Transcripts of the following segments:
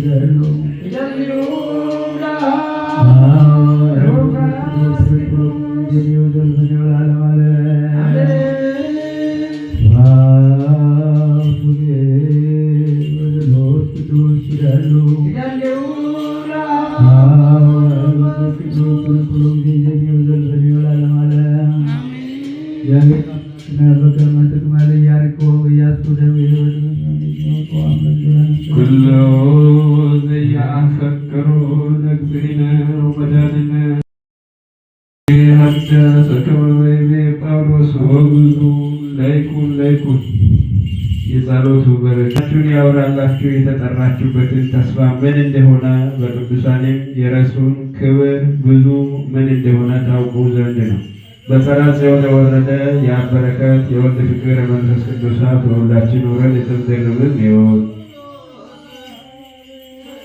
Hello. የጸሎቱ በረከቱን ያውራላችሁ የተጠራችሁበትን ተስፋ ምን እንደሆነ በቅዱሳንም የረሱን ክብር ብዙ ምን እንደሆነ ታውቁ ዘንድ ነው። በሰራት ሲሆን የወረደ የአብ የወልድ ፍቅር የመንፈስ ቅዱሳት በሁላችን ወረድ የተዘግብን ይሆን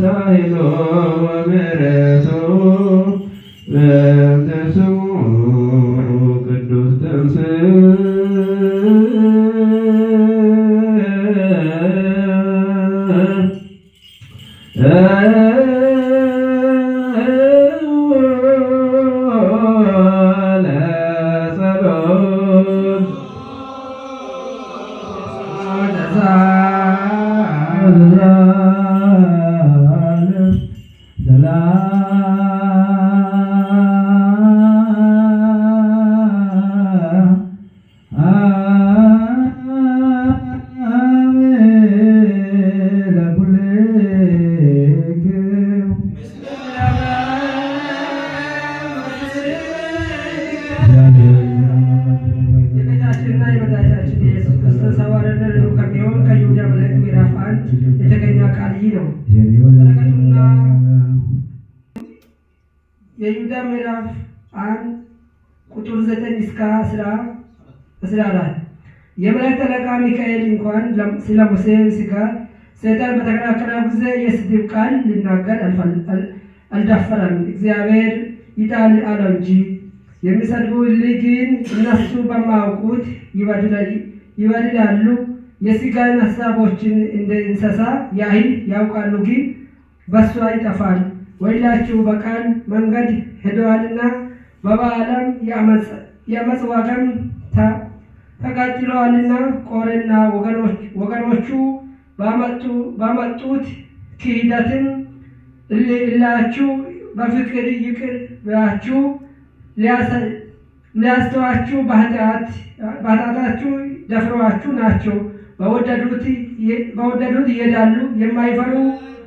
ሳይሎ ምሕረቱ በእንተ ቅዱስ ተንስ የተገኘ ቃል ይህ ነው። የይሁዳ ምዕራፍ አንድ ቁጥር ዘጠኝ እስከ አስራ አራት የመላእክት አለቃ ሚካኤል እንኳን ስለ ሙሴ ስጋ ሰይጣን በተከራከረው ጊዜ የስድብ ቃል ልናገር አልዳፈረም፣ እግዚአብሔር ይጣል አለው እንጂ የሚሰድቡት ግን እነሱ በማያውቁት ይበድላሉ። የስጋን ሀሳቦችን እንደ እንስሳ ያህል ያውቃሉ፣ ግን በሷ ይጠፋል። ወይላችሁ በቃል መንገድ ሄደዋልና በበዓለም የአመፅ ዋጋም ተቃጥለዋልና ቆሬና ወገኖቹ ባመጡት ክህደትን እላችሁ በፍቅር ይቅር ብላችሁ ሊያስተዋችሁ በኃጢአታችሁ ደፍረዋችሁ ናቸው። በወደዱት ይሄዳሉ የማይፈሩ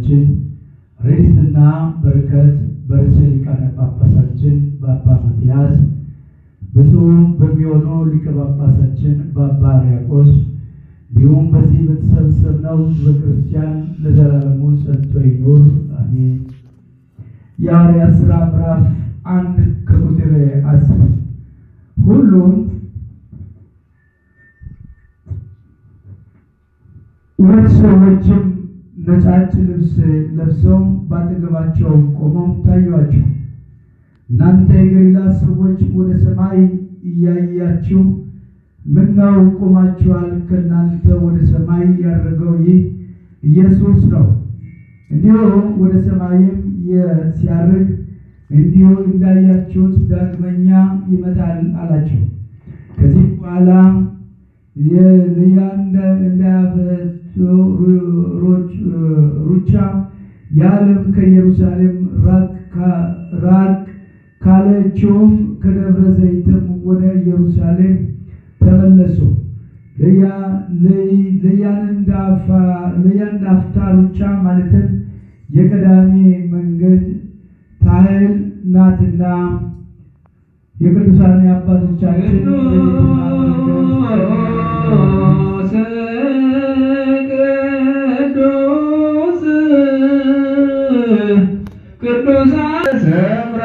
ወላጆቻችን ሬዲትና በረከት በርዕሰ ሊቃነ ጳጳሳችን በአባ መትያስ ብፁዕ በሚሆኑ ሊቀ ጳጳሳችን በአባ ሕርያቆስ እንዲሁም በዚህ በተሰበሰብነው ሕዝበ ክርስቲያን ለዘላለሙ ጸንቶ ይኑር አሜን። የሐዋርያት ሥራ ምዕራፍ አንድ ከቁጥር አስር ሁሉም ሁለት ሰዎችም በጫጭ ልብስ ለብሰው ባጠገባቸው ቆመው ታዩአቸው። እናንተ የገሊላ ሰዎች ወደ ሰማይ እያያችሁ ምነው ቆማችኋል? ከእናንተ ወደ ሰማይ ያደረገው ይህ ኢየሱስ ነው። እንዲሁ ወደ ሰማይም ሲያርግ እንዲሁ እንዳያችሁት ዳግመኛ ይመጣል አላቸው። ከዚህ በኋላ ልያ እንዳያፈ ሩጫ የዓለም ከኢየሩሳሌም ራቅ ካለችውም ከደብረ ዘይትም ወደ ኢየሩሳሌም ተመለሱ። ለያንድ አፍታ ሩጫ ማለትም የቀዳሜ መንገድ ታህል ናትና የቅዱሳን አባቶቻችን ቅዱሳን ሰምራ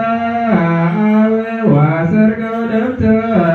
ወሰርገው ደብተር